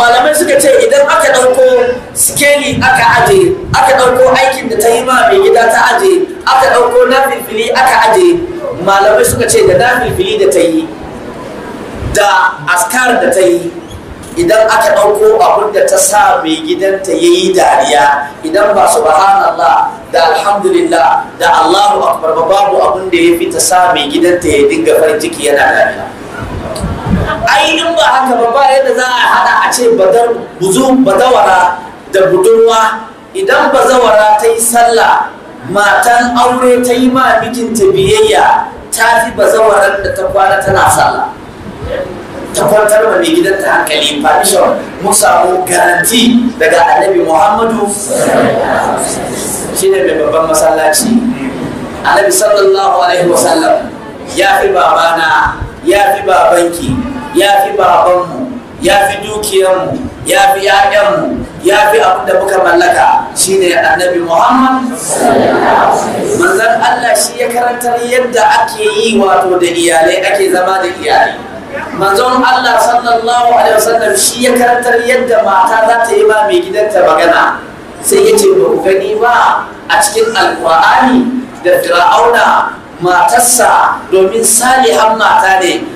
malamai suka ce idan aka ɗauko skeli aka aje aka ɗauko aikin da ta yi ma mai gida ta aje aka ɗauko na filfili aka aje malamai suka ce da na filfili da ta yi da askar da ta yi idan aka ɗauko abun da ta sa mai gidanta ya yi dariya idan ba su subhanallah da alhamdulillah da allahu akbar ba babu abin da ya fi ta sa mai gidanta ya dinga farin ciki yana dariya ai in ba haka ba ba yadda za a hada a ce badar buzu badawara da budurwa idan bazawara ta yi sallah matan aure ta yi ma mijinta biyayya ta fi bazawarar da ta kwana tana sallah ta kwantar ma mai gidanta hankali permission mun samu garanti daga annabi muhammadu shine mai babban masallaci annabi sallallahu alaihi wasallam ya fi babana ya fi babanki ya fi babanmu ya fi dukiyarmu ya fi ‘ya'yanmu ya fi abin da muka mallaka shine annabi muhammad manzan allah shi ya karantar yadda ake yi wato da iyalai ake zama da iyalai manzon allah sallallahu alaihi wasallam shi ya karantar yadda mata za ta yi ma mai gidanta magana sai ya ce ba ku gani ba a cikin alkur'ani da fir'auna matarsa domin salihan mata ne